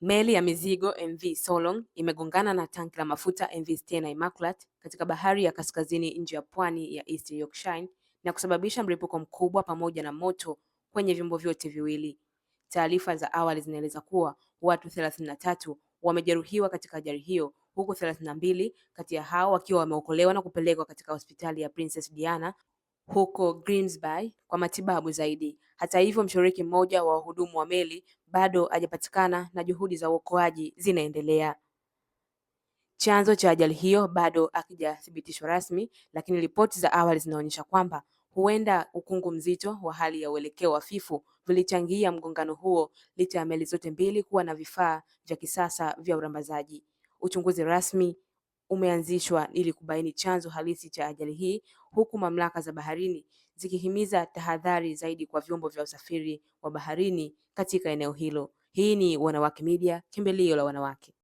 Meli ya mizigo MV Solong imegongana na tanki la mafuta MV Stena Immaculate katika bahari ya kaskazini nje ya pwani ya East Yorkshire na kusababisha mlipuko mkubwa pamoja na moto kwenye vyombo vyote viwili. Taarifa za awali zinaeleza kuwa watu thelathini na tatu wamejeruhiwa katika ajali hiyo huku 32 mbili kati ya hao wakiwa wameokolewa na kupelekwa katika hospitali ya Princess Diana huko Grimsby kwa matibabu zaidi. Hata hivyo, mshiriki mmoja wa wahudumu wa meli bado hajapatikana na juhudi za uokoaji zinaendelea. Chanzo cha ajali hiyo bado hakijathibitishwa rasmi, lakini ripoti za awali zinaonyesha kwamba huenda ukungu mzito wa hali ya uelekeo hafifu vilichangia mgongano huo, licha ya meli zote mbili kuwa na vifaa vya kisasa vya urambazaji. Uchunguzi rasmi umeanzishwa ili kubaini chanzo halisi cha ajali hii, huku mamlaka za baharini zikihimiza tahadhari zaidi kwa vyombo vya usafiri wa baharini katika eneo hilo. Hii ni Wanawake Media, kimbilio la wanawake.